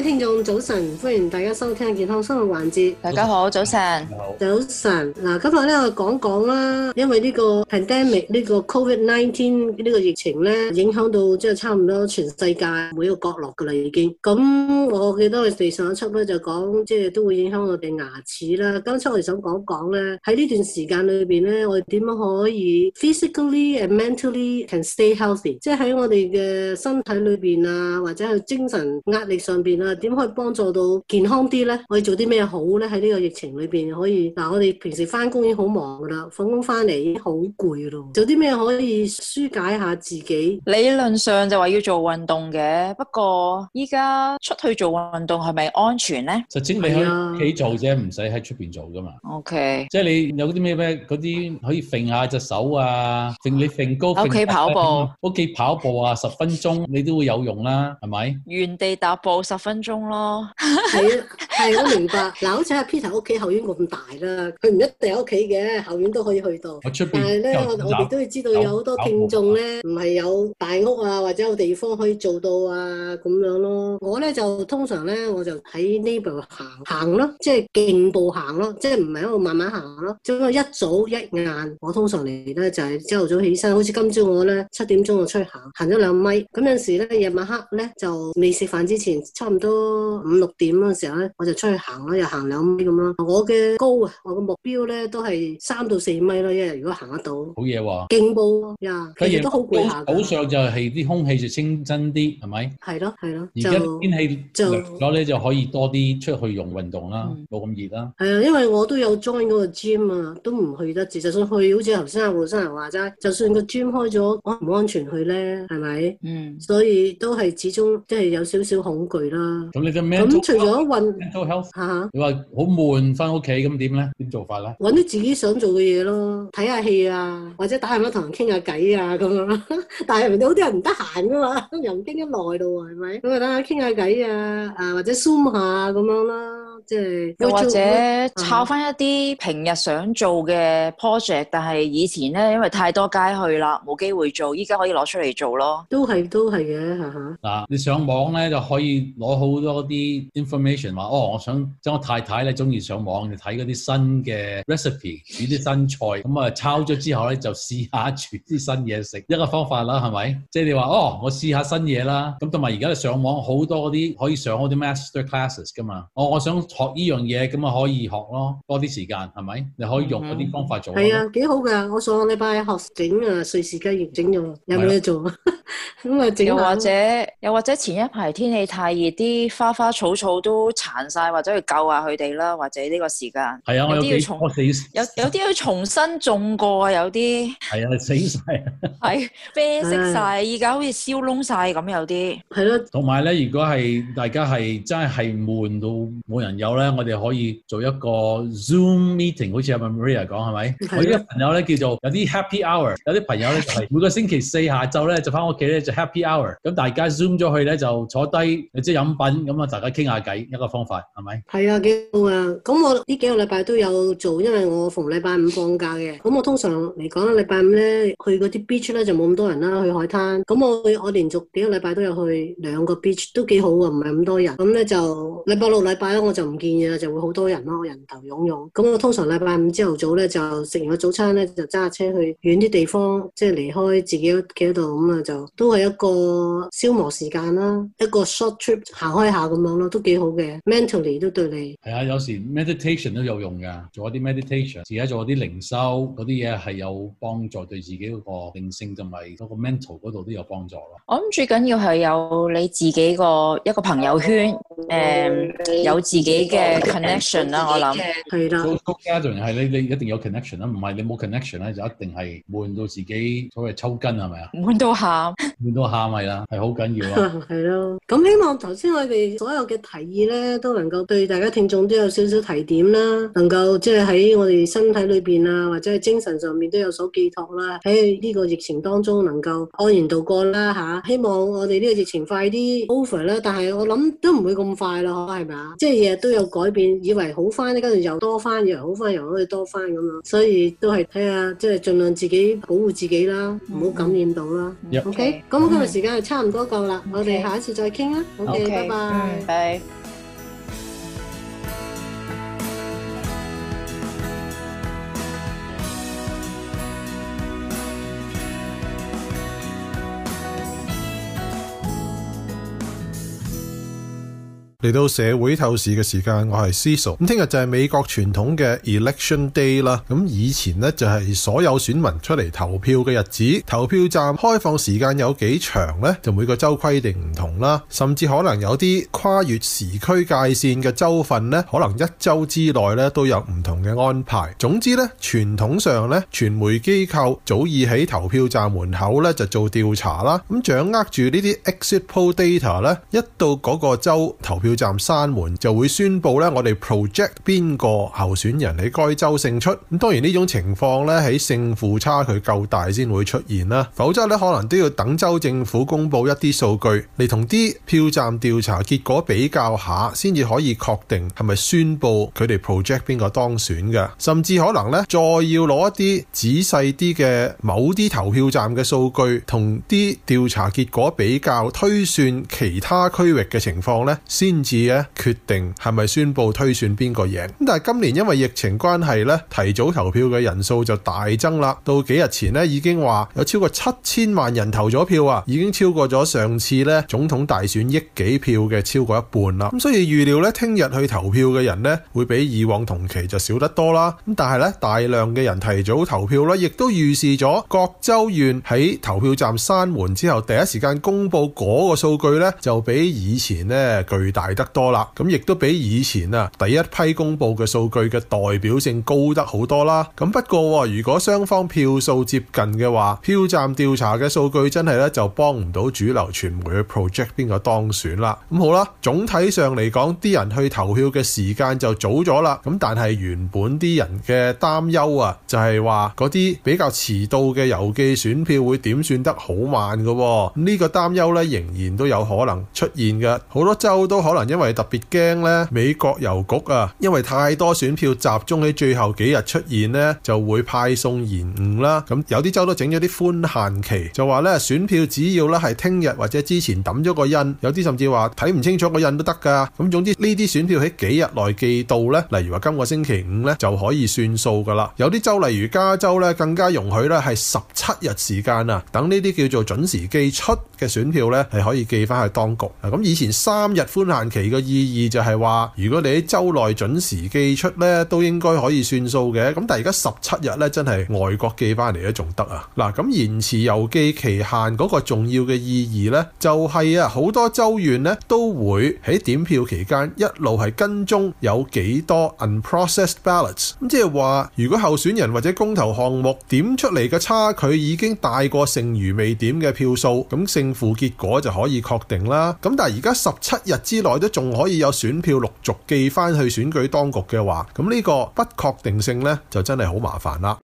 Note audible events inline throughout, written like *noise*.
各位聽眾早晨，歡迎大家收聽健康生活環節。大家好，早晨，早晨。嗱，今日咧我講講啦，因為呢個 pandemic，呢個 COVID nineteen，呢個疫情咧，這個、情影響到即係差唔多全世界每一個角落噶啦，已經。咁我記得我哋上一輯咧就講，即係都會影響我哋牙齒啦。今次我哋想講講咧，喺呢段時間裏邊咧，我哋點樣可以 physically and mentally can stay healthy，即係喺我哋嘅身體裏邊啊，或者係精神壓力上邊啦。點可以幫助到健康啲咧？可以做啲咩好咧？喺呢個疫情裏邊可以嗱，但我哋平時翻工已經好忙噶啦，放工翻嚟已經好攰咯。做啲咩可以舒解下自己？理論上就話要做運動嘅，不過依家出去做運動係咪安全咧？就踐你喺屋企做啫，唔使喺出邊做噶嘛。OK，即係你有啲咩咩嗰啲可以揈下隻手啊，定你揈高屋企 OK，揈跑步，屋企跑步啊，十分鐘你都會有用啦，啊，係咪？原地踏步十分鐘咯，係啊， *laughs* 係我明白。嗱，好似阿 Peter 屋企後院咁大啦，佢唔一定喺屋企嘅，後院都可以去到。但係咧，我哋都要知道有好多聽眾咧，唔係有，有，有，有大屋啊，或者有地方可以做到啊，咁樣咯。我咧就通常咧，我就喺呢度行行咯，即係勁步行咯，即係唔係喺度慢慢行咯。咁我一早一晚，我通常嚟咧就係朝頭早起身，好似今朝我咧七點鐘就出去行，行咗兩米。咁有陣時咧，夜晚黑咧就未食飯之前，差唔多。都五六點嗰時候咧，我就出去行啦，又行兩米咁啦。我嘅高啊，我嘅目標咧都係三到四米啦。一日如果行得到，好嘢喎！勁步呀，佢亦都好攰下。早上就係啲空氣就清新啲，係咪？係咯，係咯。而家天氣涼咗咧，就可以多啲出去用運動啦，冇咁熱啦。係啊，因為我也有那 m, 都有 join 嗰個 gym 啊，都唔去得住。就算去，好似頭先阿胡生又話齋，就算個 gym 開咗，安唔安全去咧？係咪？嗯。所以都係始終即係有少少恐懼啦。咁、啊、你嘅咩？咁除咗運，嚇嚇 Mental health,、啊，你話好悶，翻屋企咁點咧？點做法咧？揾啲自己想做嘅嘢咯，睇下戲啊，或者打下機同人傾下偈啊，咁、那、樣、個、但係人哋好啲人唔得閒噶嘛，又唔傾得耐度喎，係咪？咁啊，傾下偈啊，啊或者 o o m 下咁樣啦，即、就、係、是、或者做、啊、抄翻一啲平日想做嘅 project，但係以前咧因為太多街去啦，冇機會做，依家可以攞出嚟做咯。都係都係嘅，嗱、啊，你上網咧就可以攞好。好多啲 information 話哦，我想即係我太太咧中意上網，就睇嗰啲新嘅 recipe，煮啲新菜，咁啊 *laughs* 抄咗之後咧就試下煮啲新嘢食物，一個方法啦，係咪？即係你話哦，我試下新嘢啦，咁同埋而家你上網好多嗰啲可以上嗰啲 master classes 噶嘛，我、哦、我想學呢樣嘢，咁啊可以學咯，多啲時間係咪？你可以用嗰啲方法做。係、嗯嗯、啊，幾好噶！我上個禮拜學整啊瑞士雞翼整用，有冇嘢做了 *laughs* 咁啊，整又或者，又或者前一排天氣太熱，啲花花草草都殘晒，或者去救下佢哋啦，或者呢個時間。係啊的，些要我哋有有啲要重新種過啊，有啲係啊，死晒係啡色晒，依家、嗯、好似燒窿晒咁，有啲係咯。同埋咧，如果係大家係真係係悶到冇人有咧，我哋可以做一個 Zoom meeting，好似阿 Maria 講係咪？佢啲的朋友咧叫做有啲 Happy Hour，有啲朋友咧就係、是、每個星期四下晝咧就翻屋。就 Happy Hour，咁大家 zoom 咗去咧就坐低，即係飲品咁啊，大家傾下偈一個方法係咪？係啊，幾好啊！咁我呢幾個禮拜都有做，因為我逢禮拜五放假嘅。咁 *laughs* 我通常嚟講咧，禮拜五咧去嗰啲 beach 咧就冇咁多人啦，去海灘。咁我我連續幾個禮拜都有去兩個 beach，都幾好啊，唔係咁多人。咁咧就禮拜六、禮拜咧我就唔建議啦，就會好多人咯，我人頭湧湧。咁我通常禮拜五朝頭早咧就食完個早餐咧，就揸車去遠啲地方，即係離開自己屋企嗰度咁啊就。都係一個消磨時間啦，一個 short trip 行開一下咁樣咯，都幾好嘅。mentally 都對你係啊，有時 meditation 都有用㗎，做一啲 meditation，試下做一啲靈修嗰啲嘢係有幫助，對自己嗰個定性同埋個 mental 嗰度都有幫助咯。我諗最緊要係有你自己個一個朋友圈，嗯、有自己嘅 connection 啦。我諗 connection 係你你一定有 connection 啦，唔係你冇 connection 咧，就一定係悶到自己所謂抽筋係咪啊？是悶到喊！換到下咪啦，係好緊要啊！係咯， *laughs* 咁希望頭先我哋所有嘅提議呢，都能夠對大家聽眾都有少少提點啦，能夠即係喺我哋身體裏邊啊，或者係精神上面都有所寄託啦。喺呢個疫情當中，能夠安然度過啦吓、啊。希望我哋呢個疫情快啲 over 啦，但係我諗都唔會咁快啦，係咪啊？即係日日都有改變，以為好翻呢，跟住又多翻，又好翻，又可以多翻咁樣。所以都係睇下，即係盡量自己保護自己啦，唔好感染到啦。嗯嗯 okay? 咁今日時間就差唔多夠啦，Okay. 我哋下一次再傾啦。OK，拜拜。嚟到社會透視嘅時間，我係思蘇。咁聽日就係美國傳統嘅 Election Day 啦。咁以前呢，就係所有選民出嚟投票嘅日子。投票站開放時間有幾長呢？就每個州規定唔同啦，甚至可能有啲跨越時區界線嘅州份呢，可能一周之內呢都有唔同嘅安排。總之呢，傳統上呢，傳媒機構早已喺投票站門口呢就做調查啦。咁掌握住呢啲 exit poll data 呢，一到嗰個州投票。票站閂門就會宣佈咧，我哋 project 邊個候選人喺該州勝出。咁當然呢種情況咧，喺勝負差距夠大先會出現啦。否則咧，可能都要等州政府公布一啲數據，嚟同啲票站調查結果比較下，先至可以確定係咪宣佈佢哋 project 邊個當選嘅。甚至可能咧，再要攞一啲仔細啲嘅某啲投票站嘅數據同啲調查結果比較，推算其他區域嘅情況咧先。至咧決定係咪宣佈推選邊個贏？咁但係今年因為疫情關係咧，提早投票嘅人數就大增啦。到幾日前咧，已經話有超過七千萬人投咗票啊，已經超過咗上次咧總統大選億幾票嘅超過一半啦。咁所以預料咧，聽日去投票嘅人咧，會比以往同期就少得多啦。咁但係咧，大量嘅人提早投票咧，亦都預示咗各州縣喺投票站閂門之後，第一時間公佈嗰個數據咧，就比以前咧巨大。得多啦，咁亦都比以前啊第一批公布嘅數據嘅代表性高得好多啦。咁不過如果雙方票數接近嘅話，票站調查嘅數據真係咧就幫唔到主流傳媒去 project 邊個當選啦。咁好啦，總體上嚟講，啲人去投票嘅時間就早咗啦。咁但係原本啲人嘅擔憂啊，就係話嗰啲比較遲到嘅郵寄選票會點算得好慢嘅，咁、這、呢個擔憂咧仍然都有可能出現嘅，好多州都可能。因為特別驚咧，美國郵局啊，因為太多選票集中喺最後幾日出現呢，就會派送延誤啦。咁有啲州都整咗啲寬限期，就話咧選票只要咧係聽日或者之前抌咗個印，有啲甚至話睇唔清楚個印都得噶。咁總之呢啲選票喺幾日內寄到呢，例如話今個星期五呢，就可以算數噶啦。有啲州例如加州呢，更加容許咧係十七日時間啊，等呢啲叫做準時寄出嘅選票咧係可以寄翻去當局。咁以前三日寬限期。其嘅意義就係話，如果你喺周內準時寄出咧，都應該可以算數嘅。咁但係而家十七日咧，真係外國寄翻嚟咧仲得啊！嗱，咁延遲郵寄期限嗰個重要嘅意義咧就係啊，好多州縣咧都會喺點票期間一路係跟蹤有幾多 unprocessed ballots，咁即係話，如果候選人或者公投項目點出嚟嘅差距已經大過剩餘未點嘅票數，咁勝負結果就可以確定啦。咁但係而家十七日之內。如果仲可以有選票陸續寄翻去選舉當局嘅話，咁呢個不確定性呢，就真係好麻煩啦。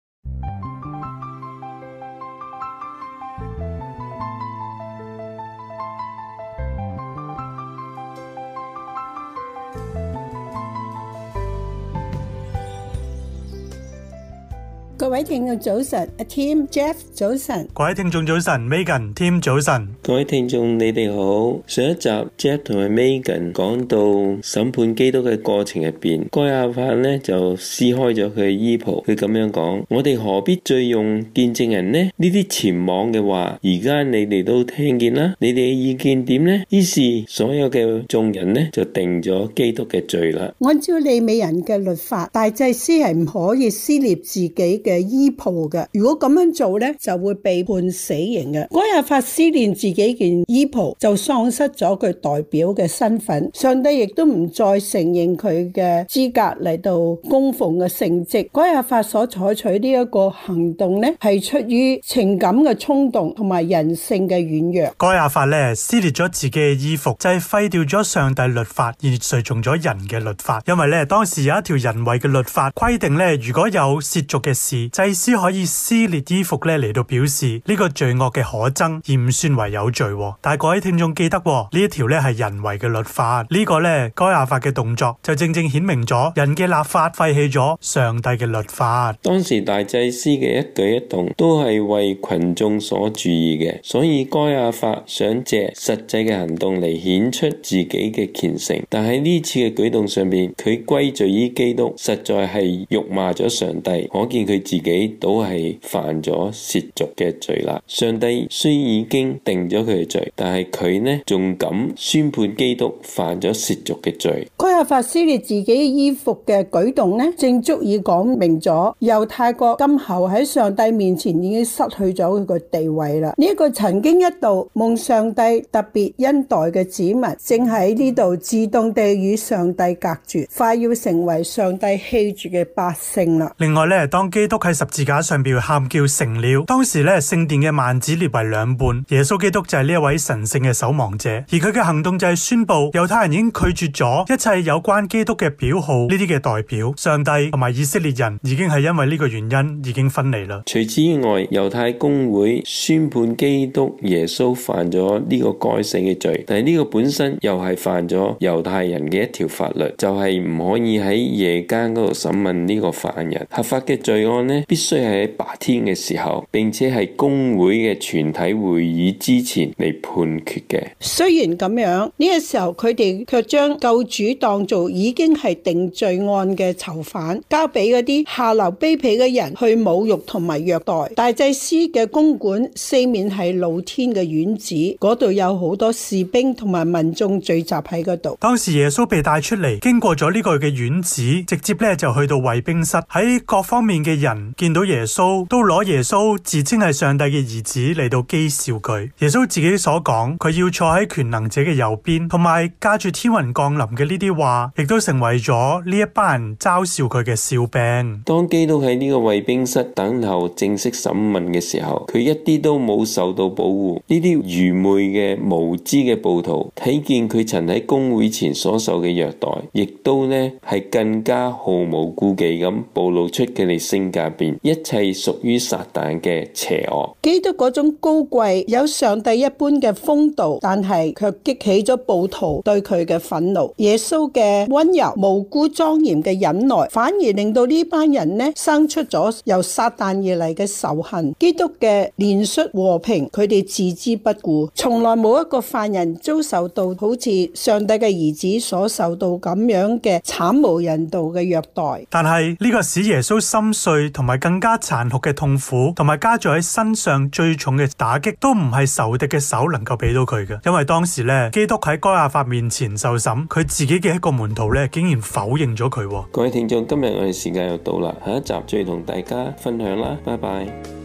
各位聽眾早晨，阿 Tim、Jeff 早晨，各位聽眾早晨，Megan、Tim 早晨，Team, 早晨各位聽眾你哋好。上一集 Jeff 同埋 Megan 講到審判基督嘅過程入邊，該亞法咧就撕開咗佢嘅衣袍，佢咁樣講：我哋何必再用見證人呢？呢啲僭妄嘅話，而家你哋都聽見啦。你哋嘅意見點呢？於是所有嘅眾人咧就定咗基督嘅罪啦。按照利未人嘅律法，大祭司係唔可以撕裂自己嘅。衣袍嘅，如果咁樣做呢，就會被判死刑嘅。該亞法撕裂自己件衣袍，就喪失咗佢代表嘅身份，上帝亦都唔再承認佢嘅資格嚟到供奉嘅聖職。該亞法所採取呢一個行動呢，係出於情感嘅衝動同埋人性嘅軟弱。該亞法咧撕裂咗自己嘅衣服，就係、是、廢掉咗上帝律法，而隨從咗人嘅律法。因為咧，當時有一條人為嘅律法規定咧，如果有褻瀆嘅事。祭司可以撕裂衣服咧，嚟到表示呢個罪惡嘅可憎，而唔算為有罪。但係各位聽眾記得呢一條咧，係人為嘅律法，呢個咧，該亞法嘅動作就正正顯明咗人嘅立法廢棄咗上帝嘅律法。當時大祭司嘅一舉一動都係為群眾所注意嘅，所以該亞法想借實際嘅行動嚟顯出自己嘅虔誠。但係呢次嘅舉動上邊，佢歸罪於基督，實在係辱罵咗上帝。可見佢。自己都係犯咗褻瀆嘅罪啦。上帝雖已經定咗佢嘅罪，但係佢呢仲敢宣判基督犯咗褻瀆嘅罪。該亞法撕裂自己衣服嘅舉動呢，正足以講明咗，猶太國今後喺上帝面前已經失去咗佢個地位啦。呢一個曾經一度蒙上帝特別恩待嘅子民，正喺呢度自動地與上帝隔絕，快要成為上帝棄住嘅百姓啦。另外呢，當基督喺十字架上邊喊叫成了。當時咧，聖殿嘅幔子裂為兩半，耶穌基督就係呢一位神聖嘅守望者，而佢嘅行動就係宣布猶太人已經拒絕咗一切有關基督嘅表號呢啲嘅代表，上帝同埋以色列人已經係因為呢個原因已經分離啦。除此之外，猶太公會宣判基督耶穌犯咗呢個該死嘅罪，但係呢個本身又係犯咗猶太人嘅一條法律，就係唔可以喺夜間嗰度審問呢個犯人，合法嘅罪案。必須係喺白天嘅時候，並且係公會嘅全體會議之前嚟判決嘅。雖然咁樣，呢個時候佢哋卻將救主當做已經係定罪案嘅囚犯，交俾嗰啲下流卑鄙嘅人去侮辱同埋虐待。大祭司嘅公館四面係露天嘅院子，嗰度有好多士兵同埋民眾聚集喺嗰度。當時耶穌被帶出嚟，經過咗呢個嘅院子，直接咧就去到衛兵室，喺各方面嘅人。見到耶穌都攞耶穌自稱係上帝嘅兒子嚟到譏笑佢。耶穌自己所講佢要坐喺權能者嘅右邊，同埋駕住天雲降臨嘅呢啲話，亦都成為咗呢一班人嘲笑佢嘅笑柄。當基督喺呢個衛兵室等候正式審問嘅時候，佢一啲都冇受到保護。呢啲愚昧嘅無知嘅暴徒睇見佢曾喺公會前所受嘅虐待，亦都呢係更加毫無顧忌咁暴露出佢哋性格。一切屬於撒旦嘅邪惡，基督嗰種高貴、有上帝一般嘅風度，但係卻激起咗暴徒對佢嘅憤怒。耶穌嘅温柔、無辜、莊嚴嘅忍耐，反而令到呢班人呢生出咗由撒旦而嚟嘅仇恨。基督嘅憐恤、和平，佢哋置之不顧。從來冇一個犯人遭受到好似上帝嘅兒子所受到咁樣嘅慘無人道嘅虐待。但係呢、這個使耶穌心碎。同埋更加殘酷嘅痛苦，同埋加住喺身上最重嘅打擊，都唔係仇敵嘅手能夠俾到佢嘅。因為當時咧，基督喺該亞法面前受審，佢自己嘅一個門徒咧，竟然否認咗佢。各位聽眾，今日我哋時間又到啦，下一集再同大家分享啦，拜拜。